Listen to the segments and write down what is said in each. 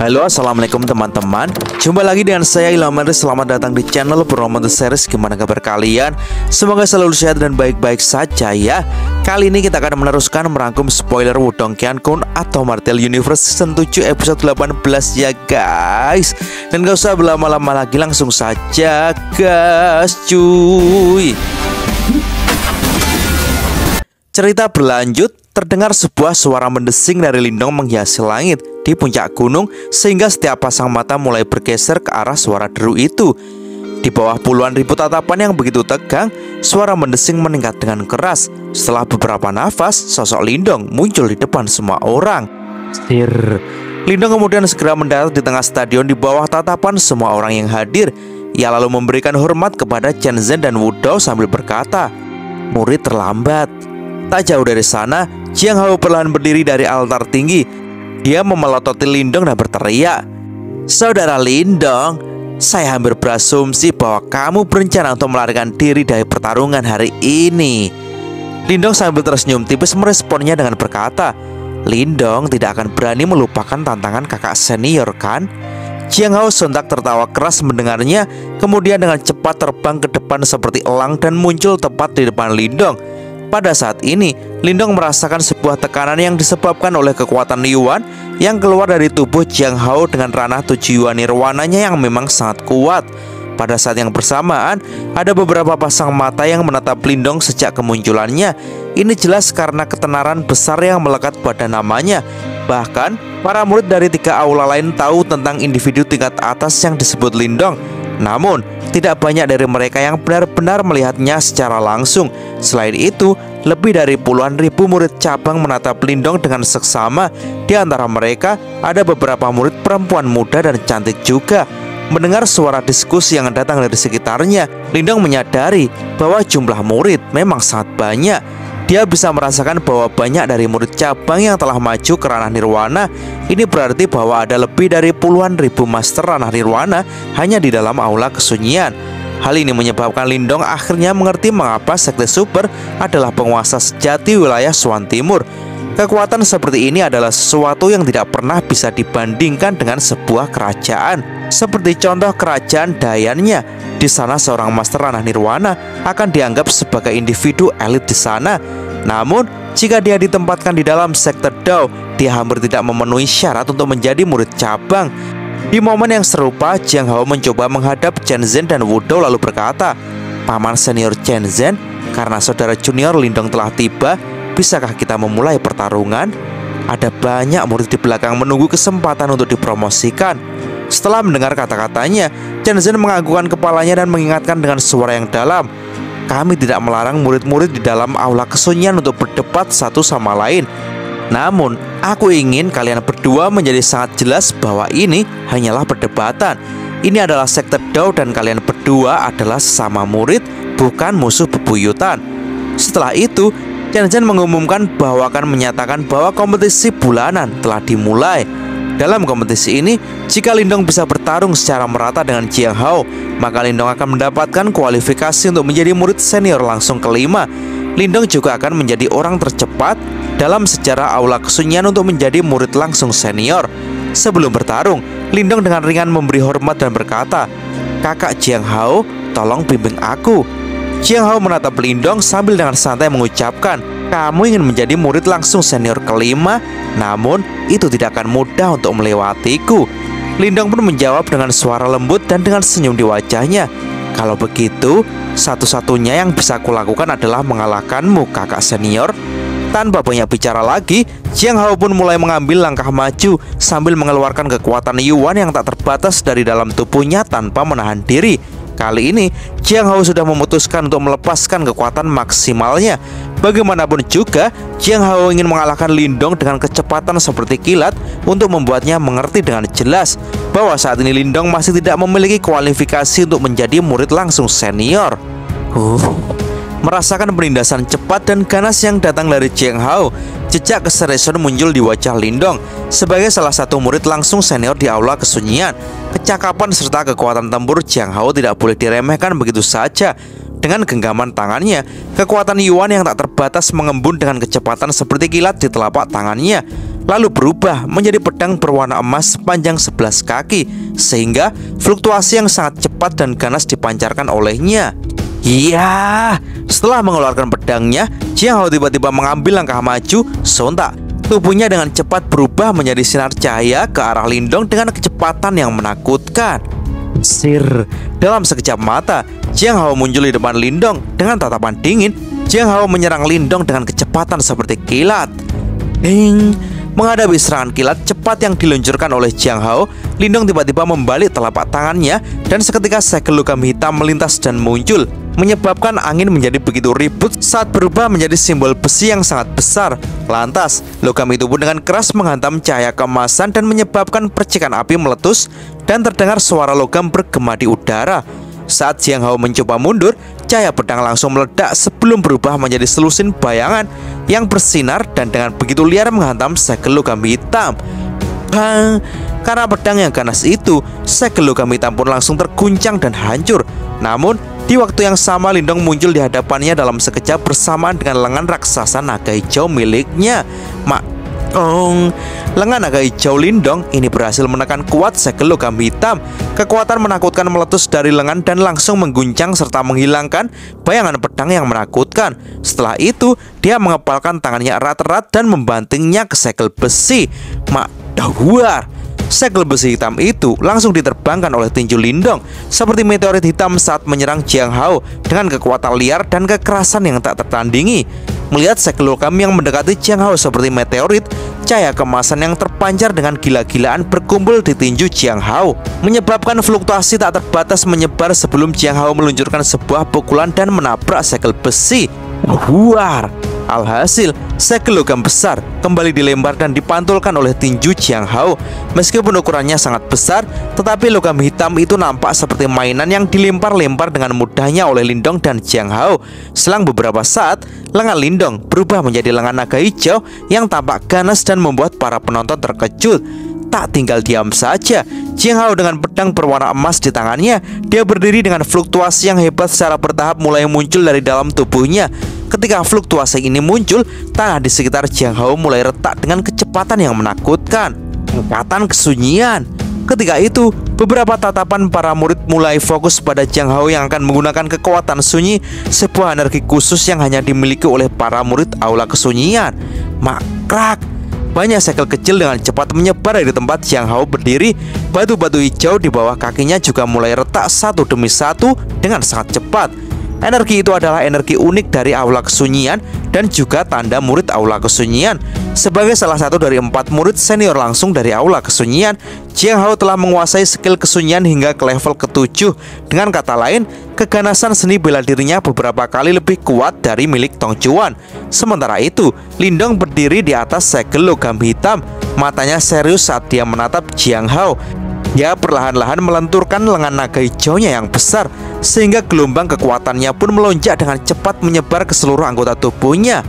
Halo assalamualaikum teman-teman Jumpa lagi dengan saya Ilham Andri Selamat datang di channel Promoter Series Gimana kabar kalian? Semoga selalu sehat dan baik-baik saja ya Kali ini kita akan meneruskan merangkum spoiler Wudong Kun atau Marvel Universe Season 7 episode 18 ya guys Dan gak usah berlama-lama lagi langsung saja gas cuy Cerita berlanjut terdengar sebuah suara mendesing dari lindung menghiasi langit di puncak gunung sehingga setiap pasang mata mulai bergeser ke arah suara deru itu. Di bawah puluhan ribu tatapan yang begitu tegang, suara mendesing meningkat dengan keras. Setelah beberapa nafas, sosok Lindong muncul di depan semua orang. Sir. Lindong kemudian segera mendarat di tengah stadion di bawah tatapan semua orang yang hadir. Ia lalu memberikan hormat kepada Chen Zhen dan Wu sambil berkata, Murid terlambat. Tak jauh dari sana, Jiang Hao perlahan berdiri dari altar tinggi. Dia memelototi Lindong dan berteriak, Saudara Lindong, saya hampir berasumsi bahwa kamu berencana untuk melarikan diri dari pertarungan hari ini. Lindong sambil tersenyum tipis meresponnya dengan berkata, Lindong tidak akan berani melupakan tantangan kakak senior kan? Jiang Hao sontak tertawa keras mendengarnya, kemudian dengan cepat terbang ke depan seperti elang dan muncul tepat di depan Lindong. Pada saat ini, Lindong merasakan sebuah tekanan yang disebabkan oleh kekuatan Liyuan yang keluar dari tubuh Jiang Hao dengan ranah tujuan nirwananya yang memang sangat kuat. Pada saat yang bersamaan, ada beberapa pasang mata yang menatap Lindong sejak kemunculannya. Ini jelas karena ketenaran besar yang melekat pada namanya. Bahkan, para murid dari tiga aula lain tahu tentang individu tingkat atas yang disebut Lindong. Namun, tidak banyak dari mereka yang benar-benar melihatnya secara langsung. Selain itu, lebih dari puluhan ribu murid cabang menatap Lindong dengan seksama. Di antara mereka, ada beberapa murid perempuan muda dan cantik juga. Mendengar suara diskusi yang datang dari sekitarnya, Lindong menyadari bahwa jumlah murid memang sangat banyak. Dia bisa merasakan bahwa banyak dari murid cabang yang telah maju ke ranah nirwana. Ini berarti bahwa ada lebih dari puluhan ribu master ranah nirwana hanya di dalam aula kesunyian. Hal ini menyebabkan Lindong akhirnya mengerti mengapa Sekte Super adalah penguasa sejati wilayah Swan Timur. Kekuatan seperti ini adalah sesuatu yang tidak pernah bisa dibandingkan dengan sebuah kerajaan. Seperti contoh kerajaan Dayannya, di sana seorang master ranah nirwana akan dianggap sebagai individu elit di sana namun, jika dia ditempatkan di dalam sekte Dao, dia hampir tidak memenuhi syarat untuk menjadi murid cabang. Di momen yang serupa, Jiang Hao mencoba menghadap Chen Zhen dan Wu Dao lalu berkata, Paman senior Chen Zhen, karena saudara junior Lindong telah tiba, bisakah kita memulai pertarungan? Ada banyak murid di belakang menunggu kesempatan untuk dipromosikan. Setelah mendengar kata-katanya, Chen Zhen menganggukkan kepalanya dan mengingatkan dengan suara yang dalam, kami tidak melarang murid-murid di dalam aula kesunyian untuk berdebat satu sama lain. Namun, aku ingin kalian berdua menjadi sangat jelas bahwa ini hanyalah perdebatan. Ini adalah sekte Dao dan kalian berdua adalah sesama murid, bukan musuh bebuyutan. Setelah itu, Chen Chen mengumumkan bahwa akan menyatakan bahwa kompetisi bulanan telah dimulai. Dalam kompetisi ini, jika Lindong bisa bertarung secara merata dengan Jiang Hao, maka Lindong akan mendapatkan kualifikasi untuk menjadi murid senior langsung kelima. Lindong juga akan menjadi orang tercepat dalam sejarah aula kesunyian untuk menjadi murid langsung senior. Sebelum bertarung, Lindong dengan ringan memberi hormat dan berkata, Kakak Jiang Hao, tolong bimbing aku. Jiang Hao menatap Lindong sambil dengan santai mengucapkan, kamu ingin menjadi murid langsung senior kelima, namun itu tidak akan mudah untuk melewatiku. Lindong pun menjawab dengan suara lembut dan dengan senyum di wajahnya. Kalau begitu, satu-satunya yang bisa kulakukan adalah mengalahkanmu, kakak senior. Tanpa banyak bicara lagi, Jiang Hao pun mulai mengambil langkah maju sambil mengeluarkan kekuatan Yuan yang tak terbatas dari dalam tubuhnya tanpa menahan diri. Kali ini, Jiang Hao sudah memutuskan untuk melepaskan kekuatan maksimalnya. Bagaimanapun juga, Jiang Hao ingin mengalahkan Lindong dengan kecepatan seperti kilat untuk membuatnya mengerti dengan jelas bahwa saat ini Lindong masih tidak memiliki kualifikasi untuk menjadi murid langsung senior. Huh merasakan penindasan cepat dan ganas yang datang dari Cheng Hao. Jejak keseriusan muncul di wajah Lindong sebagai salah satu murid langsung senior di aula kesunyian. Kecakapan serta kekuatan tempur Cheng Hao tidak boleh diremehkan begitu saja. Dengan genggaman tangannya, kekuatan Yuan yang tak terbatas mengembun dengan kecepatan seperti kilat di telapak tangannya lalu berubah menjadi pedang berwarna emas sepanjang 11 kaki sehingga fluktuasi yang sangat cepat dan ganas dipancarkan olehnya. Iya, setelah mengeluarkan pedangnya, Jiang Hao tiba-tiba mengambil langkah maju, sontak tubuhnya dengan cepat berubah menjadi sinar cahaya ke arah Lindong dengan kecepatan yang menakutkan. Sir, dalam sekejap mata, Jiang Hao muncul di depan Lindong dengan tatapan dingin. Jiang Hao menyerang Lindong dengan kecepatan seperti kilat. Ding, Menghadapi serangan kilat cepat yang diluncurkan oleh Jiang Hao, Lindong tiba-tiba membalik telapak tangannya dan seketika segelukam hitam melintas dan muncul menyebabkan angin menjadi begitu ribut saat berubah menjadi simbol besi yang sangat besar. Lantas, logam itu pun dengan keras menghantam cahaya kemasan dan menyebabkan percikan api meletus dan terdengar suara logam bergema di udara. Saat Jiang Hao mencoba mundur, cahaya pedang langsung meledak sebelum berubah menjadi selusin bayangan yang bersinar dan dengan begitu liar menghantam segel logam hitam. Bang! Karena pedang yang ganas itu, segel logam hitam pun langsung terguncang dan hancur. Namun, di waktu yang sama, Lindong muncul di hadapannya dalam sekejap bersamaan dengan lengan raksasa naga hijau miliknya, Mak oh, Lengan naga hijau Lindong ini berhasil menekan kuat segel logam hitam. Kekuatan menakutkan meletus dari lengan dan langsung mengguncang serta menghilangkan bayangan pedang yang menakutkan. Setelah itu, dia mengepalkan tangannya erat-erat dan membantingnya ke segel besi. Mak Dahuar Segel besi hitam itu langsung diterbangkan oleh tinju Lindong seperti meteorit hitam saat menyerang Jiang Hao dengan kekuatan liar dan kekerasan yang tak tertandingi. Melihat segel logam yang mendekati Jiang Hao seperti meteorit, cahaya kemasan yang terpancar dengan gila-gilaan berkumpul di tinju Jiang Hao, menyebabkan fluktuasi tak terbatas menyebar sebelum Jiang Hao meluncurkan sebuah pukulan dan menabrak segel besi. Huar! Alhasil, sekilo logam besar kembali dilempar dan dipantulkan oleh tinju Jiang Hao. Meskipun ukurannya sangat besar, tetapi logam hitam itu nampak seperti mainan yang dilempar-lempar dengan mudahnya oleh Lindong dan Jiang Hao. Selang beberapa saat, lengan Lindong berubah menjadi lengan naga hijau yang tampak ganas dan membuat para penonton terkejut tak tinggal diam saja. Jiang Hao dengan pedang berwarna emas di tangannya, dia berdiri dengan fluktuasi yang hebat secara bertahap mulai muncul dari dalam tubuhnya. Ketika fluktuasi ini muncul, tanah di sekitar Jiang Hao mulai retak dengan kecepatan yang menakutkan. Kekuatan kesunyian. Ketika itu, beberapa tatapan para murid mulai fokus pada Jiang Hao yang akan menggunakan kekuatan sunyi, sebuah energi khusus yang hanya dimiliki oleh para murid aula kesunyian. Makrak, banyak sekel kecil dengan cepat menyebar dari tempat Jiang Hao berdiri. Batu-batu hijau di bawah kakinya juga mulai retak satu demi satu dengan sangat cepat. Energi itu adalah energi unik dari aula kesunyian dan juga tanda murid aula kesunyian. Sebagai salah satu dari empat murid senior langsung dari aula kesunyian, Jiang Hao telah menguasai skill kesunyian hingga ke level ketujuh. Dengan kata lain, keganasan seni bela dirinya beberapa kali lebih kuat dari milik Tong Chuan. Sementara itu, Lindong berdiri di atas segel logam hitam. Matanya serius saat dia menatap Jiang Hao. Dia perlahan-lahan melenturkan lengan naga hijaunya yang besar sehingga gelombang kekuatannya pun melonjak dengan cepat menyebar ke seluruh anggota tubuhnya.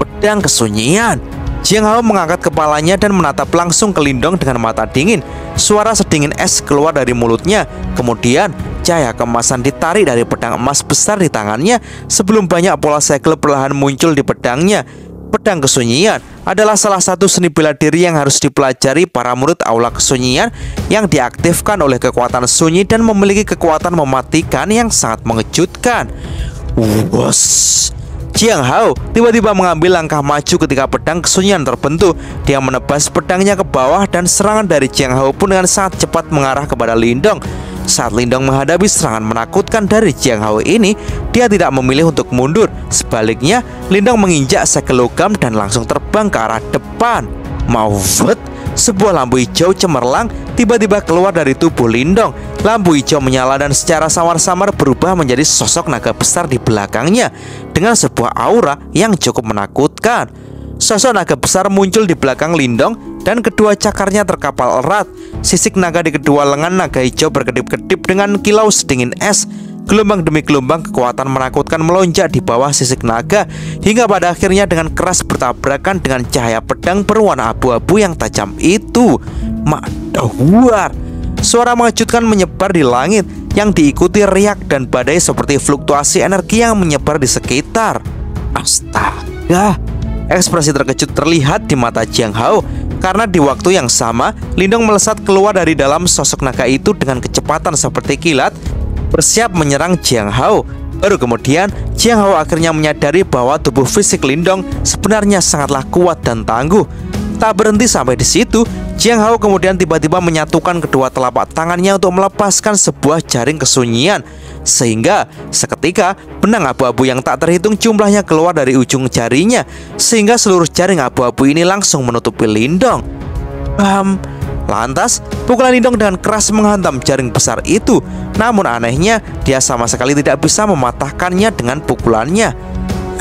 Pedang kesunyian. Jiang Hao mengangkat kepalanya dan menatap langsung ke Lindong dengan mata dingin. Suara sedingin es keluar dari mulutnya. Kemudian, cahaya kemasan ditarik dari pedang emas besar di tangannya sebelum banyak pola segel perlahan muncul di pedangnya. Pedang Kesunyian adalah salah satu seni bela diri yang harus dipelajari para murid aula kesunyian yang diaktifkan oleh kekuatan sunyi dan memiliki kekuatan mematikan yang sangat mengejutkan. Wos. Uh, Jiang Hao tiba-tiba mengambil langkah maju ketika pedang kesunyian terbentuk. Dia menebas pedangnya ke bawah dan serangan dari Jiang Hao pun dengan sangat cepat mengarah kepada Lindong. Saat Lindong menghadapi serangan menakutkan dari Jiang Hao ini, dia tidak memilih untuk mundur. Sebaliknya, Lindong menginjak sekelogam dan langsung terbang ke arah depan. Mau sebuah lampu hijau cemerlang tiba-tiba keluar dari tubuh Lindong. Lampu hijau menyala dan secara samar-samar berubah menjadi sosok naga besar di belakangnya dengan sebuah aura yang cukup menakutkan. Sosok naga besar muncul di belakang Lindong dan kedua cakarnya terkapal erat. Sisik naga di kedua lengan naga hijau berkedip-kedip dengan kilau sedingin es. Gelombang demi gelombang kekuatan menakutkan melonjak di bawah sisik naga hingga pada akhirnya dengan keras bertabrakan dengan cahaya pedang berwarna abu-abu yang tajam itu. Madawar. Suara mengejutkan menyebar di langit yang diikuti riak dan badai seperti fluktuasi energi yang menyebar di sekitar. Astaga! Ekspresi terkejut terlihat di mata Jiang Hao karena di waktu yang sama, Lindong melesat keluar dari dalam sosok naga itu dengan kecepatan seperti kilat, bersiap menyerang Jiang Hao. Baru kemudian, Jiang Hao akhirnya menyadari bahwa tubuh fisik Lindong sebenarnya sangatlah kuat dan tangguh. Tak berhenti sampai di situ, Jiang Hao kemudian tiba-tiba menyatukan kedua telapak tangannya untuk melepaskan sebuah jaring kesunyian sehingga seketika benang abu-abu yang tak terhitung jumlahnya keluar dari ujung jarinya sehingga seluruh jaring abu-abu ini langsung menutupi Lindong. Bam. Lantas, pukulan Lindong dengan keras menghantam jaring besar itu. Namun anehnya, dia sama sekali tidak bisa mematahkannya dengan pukulannya.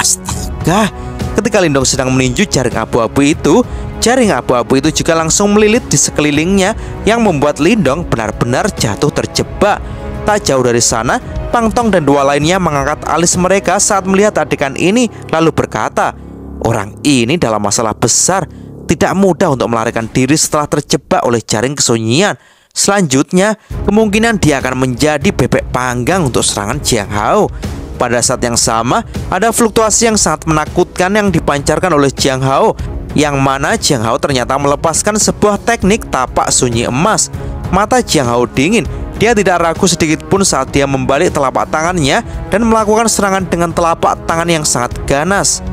Astaga, ketika Lindong sedang meninju jaring abu-abu itu, Jaring abu-abu itu juga langsung melilit di sekelilingnya yang membuat Lindong benar-benar jatuh terjebak. Tak jauh dari sana, Pang Tong dan dua lainnya mengangkat alis mereka saat melihat adegan ini lalu berkata, Orang ini dalam masalah besar, tidak mudah untuk melarikan diri setelah terjebak oleh jaring kesunyian. Selanjutnya, kemungkinan dia akan menjadi bebek panggang untuk serangan Jiang Hao. Pada saat yang sama, ada fluktuasi yang sangat menakutkan yang dipancarkan oleh Jiang Hao yang mana Jiang Hao ternyata melepaskan sebuah teknik tapak sunyi emas. Mata Jiang Hao dingin, dia tidak ragu sedikit pun saat dia membalik telapak tangannya dan melakukan serangan dengan telapak tangan yang sangat ganas.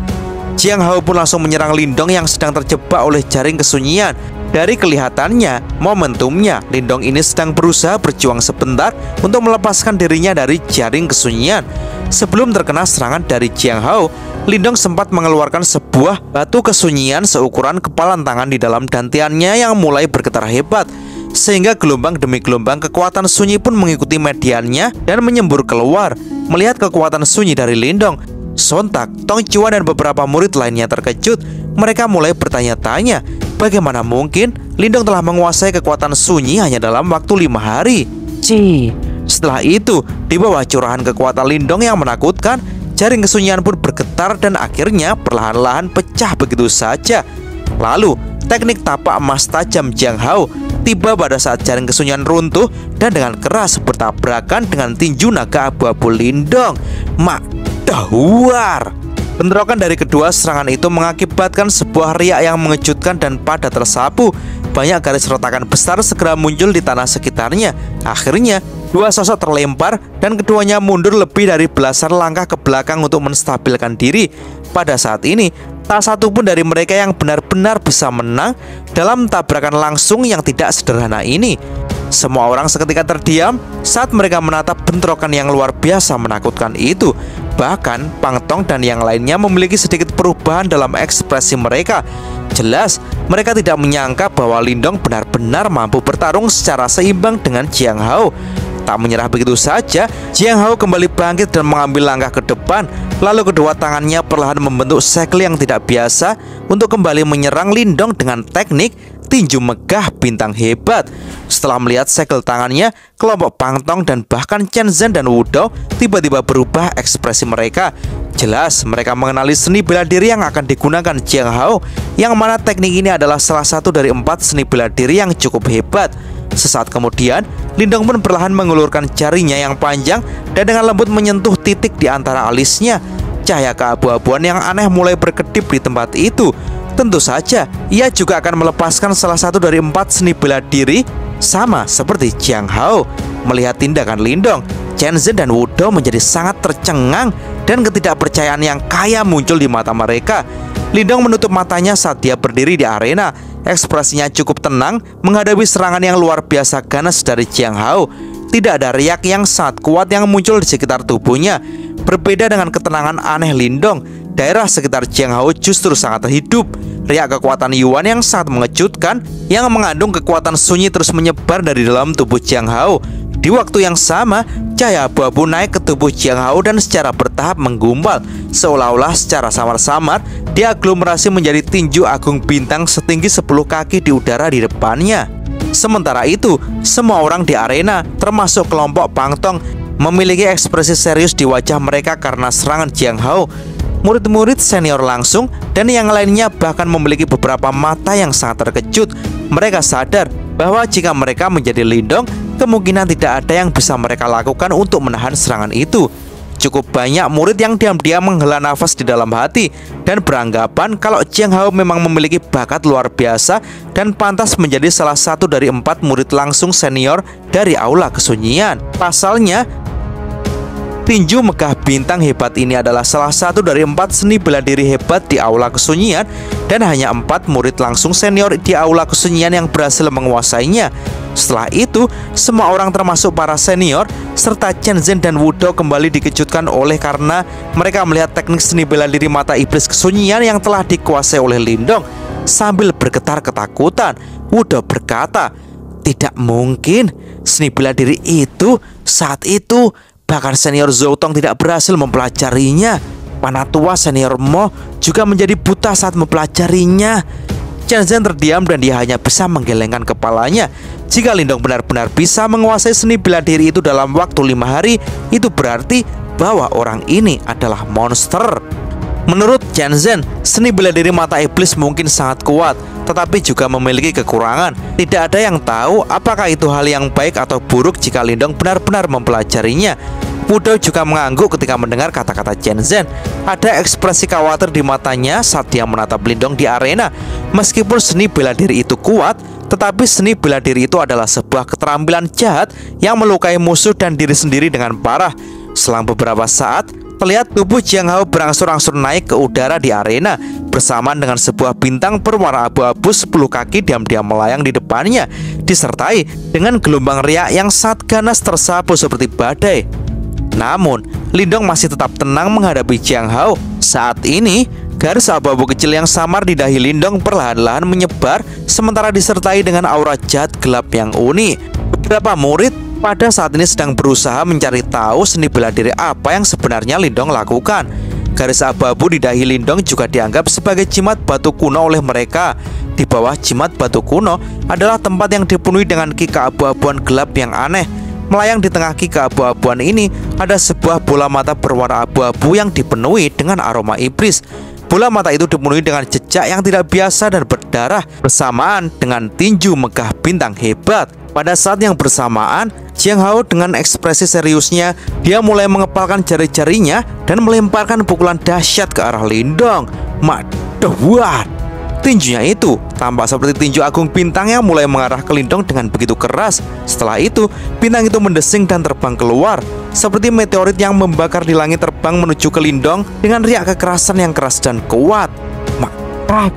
Jiang Hao pun langsung menyerang Lindong yang sedang terjebak oleh jaring kesunyian. Dari kelihatannya, momentumnya, Lindong ini sedang berusaha berjuang sebentar untuk melepaskan dirinya dari jaring kesunyian. Sebelum terkena serangan dari Jiang Hao, Lindong sempat mengeluarkan sebuah batu kesunyian seukuran kepalan tangan di dalam dantiannya yang mulai bergetar hebat sehingga gelombang demi gelombang kekuatan sunyi pun mengikuti mediannya dan menyembur keluar. Melihat kekuatan sunyi dari Lindong, sontak Tong Chuan dan beberapa murid lainnya terkejut. Mereka mulai bertanya-tanya Bagaimana mungkin Lindong telah menguasai kekuatan sunyi hanya dalam waktu lima hari? Ci. Setelah itu, di bawah curahan kekuatan Lindong yang menakutkan, jaring kesunyian pun bergetar dan akhirnya perlahan-lahan pecah begitu saja. Lalu, teknik tapak emas tajam Jiang Hao tiba pada saat jaring kesunyian runtuh dan dengan keras bertabrakan dengan tinju naga abu-abu Lindong. Mak, dahuar! Bentrokan dari kedua serangan itu mengakibatkan sebuah riak yang mengejutkan dan pada tersapu. Banyak garis retakan besar segera muncul di tanah sekitarnya. Akhirnya, dua sosok terlempar dan keduanya mundur lebih dari belasan langkah ke belakang untuk menstabilkan diri. Pada saat ini, tak satu pun dari mereka yang benar-benar bisa menang dalam tabrakan langsung yang tidak sederhana ini. Semua orang seketika terdiam saat mereka menatap bentrokan yang luar biasa menakutkan itu. Bahkan Pang Tong dan yang lainnya memiliki sedikit perubahan dalam ekspresi mereka. Jelas, mereka tidak menyangka bahwa Lindong benar-benar mampu bertarung secara seimbang dengan Jiang Hao. Tak menyerah begitu saja, Jiang Hao kembali bangkit dan mengambil langkah ke depan. Lalu kedua tangannya perlahan membentuk sekel yang tidak biasa untuk kembali menyerang Lindong dengan teknik tinju megah bintang hebat. Setelah melihat segel tangannya, kelompok Pangtong dan bahkan Chen Zhen dan Wudao tiba-tiba berubah ekspresi mereka. Jelas, mereka mengenali seni bela diri yang akan digunakan Jiang Hao, yang mana teknik ini adalah salah satu dari empat seni bela diri yang cukup hebat. Sesaat kemudian, Lindong pun perlahan mengulurkan jarinya yang panjang dan dengan lembut menyentuh titik di antara alisnya. Cahaya keabu-abuan yang aneh mulai berkedip di tempat itu. Tentu saja, ia juga akan melepaskan salah satu dari empat seni bela diri sama seperti Jiang Hao. Melihat tindakan Lindong, Chen Zhen dan Wudo menjadi sangat tercengang dan ketidakpercayaan yang kaya muncul di mata mereka. Lindong menutup matanya saat dia berdiri di arena Ekspresinya cukup tenang menghadapi serangan yang luar biasa ganas dari Jiang Hao. Tidak ada riak yang sangat kuat yang muncul di sekitar tubuhnya. Berbeda dengan ketenangan aneh Lindong, daerah sekitar Jiang Hao justru sangat terhidup. Riak kekuatan Yuan yang sangat mengejutkan yang mengandung kekuatan sunyi terus menyebar dari dalam tubuh Jiang Hao. Di waktu yang sama, cahaya abu-abu naik ke tubuh Jiang Hao dan secara bertahap menggumpal, seolah-olah secara samar-samar dia aglomerasi menjadi tinju agung bintang setinggi 10 kaki di udara di depannya. Sementara itu, semua orang di arena, termasuk kelompok Pangtong, memiliki ekspresi serius di wajah mereka karena serangan Jiang Hao. Murid-murid senior langsung dan yang lainnya bahkan memiliki beberapa mata yang sangat terkejut. Mereka sadar bahwa jika mereka menjadi lindong, kemungkinan tidak ada yang bisa mereka lakukan untuk menahan serangan itu. Cukup banyak murid yang diam-diam menghela nafas di dalam hati dan beranggapan kalau Jiang Hao memang memiliki bakat luar biasa dan pantas menjadi salah satu dari empat murid langsung senior dari aula kesunyian. Pasalnya, Tinju Megah Bintang Hebat ini adalah salah satu dari empat seni bela diri hebat di Aula Kesunyian dan hanya empat murid langsung senior di Aula Kesunyian yang berhasil menguasainya. Setelah itu, semua orang termasuk para senior serta Chen Zhen dan Wudo kembali dikejutkan oleh karena mereka melihat teknik seni bela diri mata iblis kesunyian yang telah dikuasai oleh Lindong. Sambil bergetar ketakutan, Wudo berkata, "Tidak mungkin, seni bela diri itu saat itu Bahkan senior Zoutong tidak berhasil mempelajarinya. Panatua senior Mo juga menjadi buta saat mempelajarinya. Chen Zhen terdiam dan dia hanya bisa menggelengkan kepalanya. Jika Lindong benar-benar bisa menguasai seni bela diri itu dalam waktu lima hari, itu berarti bahwa orang ini adalah monster. Menurut Jansen, seni bela diri mata iblis mungkin sangat kuat, tetapi juga memiliki kekurangan. Tidak ada yang tahu apakah itu hal yang baik atau buruk jika Lindong benar-benar mempelajarinya. Pudo juga mengangguk ketika mendengar kata-kata Zhen. Ada ekspresi khawatir di matanya saat dia menatap Lindong di arena. Meskipun seni bela diri itu kuat, tetapi seni bela diri itu adalah sebuah keterampilan jahat yang melukai musuh dan diri sendiri dengan parah. Selang beberapa saat, terlihat tubuh Jiang Hao berangsur-angsur naik ke udara di arena bersamaan dengan sebuah bintang berwarna abu-abu 10 kaki diam-diam melayang di depannya disertai dengan gelombang riak yang saat ganas tersapu seperti badai. Namun, Lindong masih tetap tenang menghadapi Jiang Hao. Saat ini, garis abu-abu kecil yang samar di dahi Lindong perlahan-lahan menyebar sementara disertai dengan aura jahat gelap yang unik. Beberapa murid pada saat ini sedang berusaha mencari tahu seni bela diri apa yang sebenarnya Lindong lakukan. Garis abu-abu di dahi Lindong juga dianggap sebagai jimat batu kuno oleh mereka. Di bawah jimat batu kuno adalah tempat yang dipenuhi dengan kika abu-abuan gelap yang aneh. Melayang di tengah kika abu-abuan ini ada sebuah bola mata berwarna abu-abu yang dipenuhi dengan aroma iblis. Bola mata itu dipenuhi dengan jejak yang tidak biasa dan berdarah bersamaan dengan tinju megah bintang hebat. Pada saat yang bersamaan, Jiang Hao dengan ekspresi seriusnya, dia mulai mengepalkan jari-jarinya dan melemparkan pukulan dahsyat ke arah Lindong. Madewan! Tinjunya itu tampak seperti tinju agung bintang yang mulai mengarah ke Lindong dengan begitu keras. Setelah itu, bintang itu mendesing dan terbang keluar. Seperti meteorit yang membakar di langit terbang menuju ke Lindong dengan riak kekerasan yang keras dan kuat. Mantap!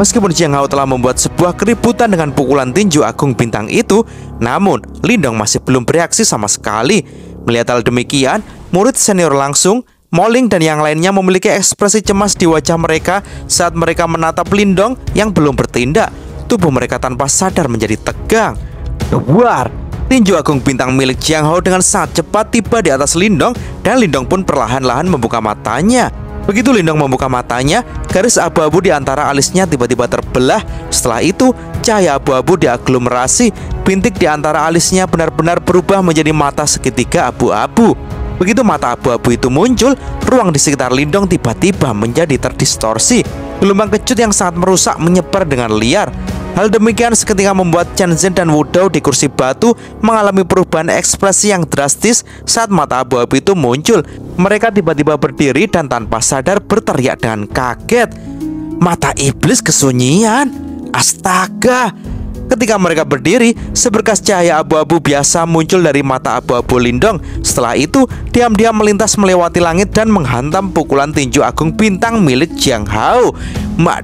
Meskipun Jiang Hao telah membuat sebuah keributan dengan pukulan tinju agung bintang itu, namun Lindong masih belum bereaksi sama sekali. Melihat hal demikian, murid senior langsung Moling dan yang lainnya memiliki ekspresi cemas di wajah mereka saat mereka menatap Lindong yang belum bertindak. Tubuh mereka tanpa sadar menjadi tegang. Keluar! Tinju agung bintang milik Jiang Hao dengan sangat cepat tiba di atas Lindong dan Lindong pun perlahan-lahan membuka matanya. Begitu Lindong membuka matanya, garis abu-abu di antara alisnya tiba-tiba terbelah. Setelah itu, cahaya abu-abu diaglomerasi, bintik di antara alisnya benar-benar berubah menjadi mata seketika abu-abu. Begitu mata abu-abu itu muncul, ruang di sekitar Lindong tiba-tiba menjadi terdistorsi. Gelombang kecut yang sangat merusak menyebar dengan liar. Hal demikian seketika membuat Chen Zhen dan Wu Dao di kursi batu mengalami perubahan ekspresi yang drastis saat mata abu-abu itu muncul. Mereka tiba-tiba berdiri dan tanpa sadar berteriak dengan kaget. Mata iblis kesunyian. Astaga. Ketika mereka berdiri, seberkas cahaya abu-abu biasa muncul dari mata abu-abu Lindong. Setelah itu, diam-diam melintas melewati langit dan menghantam pukulan tinju agung bintang milik Jiang Hao. Mak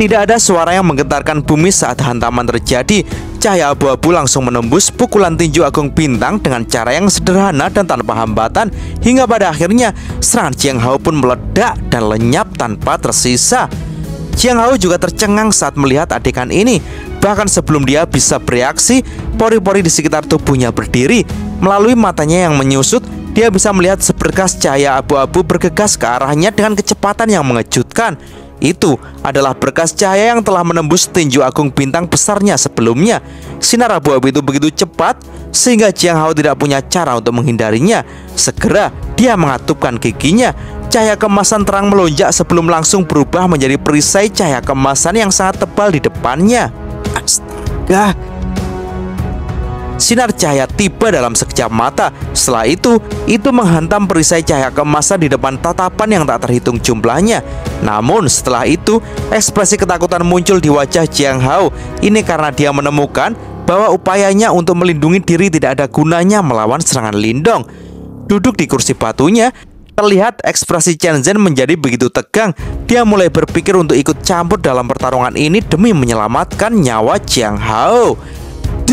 tidak ada suara yang menggetarkan bumi saat hantaman terjadi. Cahaya abu-abu langsung menembus pukulan tinju Agung Bintang dengan cara yang sederhana dan tanpa hambatan hingga pada akhirnya serangan Jiang Hao pun meledak dan lenyap tanpa tersisa. Jiang Hao juga tercengang saat melihat adegan ini. Bahkan sebelum dia bisa bereaksi, pori-pori di sekitar tubuhnya berdiri. Melalui matanya yang menyusut, dia bisa melihat seberkas cahaya abu-abu bergegas ke arahnya dengan kecepatan yang mengejutkan. Itu adalah berkas cahaya yang telah menembus tinju agung bintang besarnya sebelumnya. Sinar abu-abu itu begitu cepat sehingga Jiang Hao tidak punya cara untuk menghindarinya. Segera dia mengatupkan giginya. Cahaya kemasan terang melonjak sebelum langsung berubah menjadi perisai cahaya kemasan yang sangat tebal di depannya. Astaga, sinar cahaya tiba dalam sekejap mata. Setelah itu, itu menghantam perisai cahaya kemasan di depan tatapan yang tak terhitung jumlahnya. Namun setelah itu, ekspresi ketakutan muncul di wajah Jiang Hao. Ini karena dia menemukan bahwa upayanya untuk melindungi diri tidak ada gunanya melawan serangan Lindong. Duduk di kursi batunya, terlihat ekspresi Chen Zhen menjadi begitu tegang. Dia mulai berpikir untuk ikut campur dalam pertarungan ini demi menyelamatkan nyawa Jiang Hao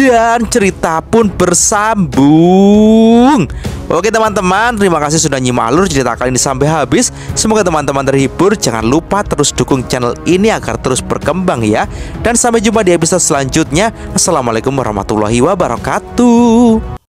dan cerita pun bersambung. Oke teman-teman, terima kasih sudah nyimak alur cerita kali ini sampai habis. Semoga teman-teman terhibur. Jangan lupa terus dukung channel ini agar terus berkembang ya. Dan sampai jumpa di episode selanjutnya. Assalamualaikum warahmatullahi wabarakatuh.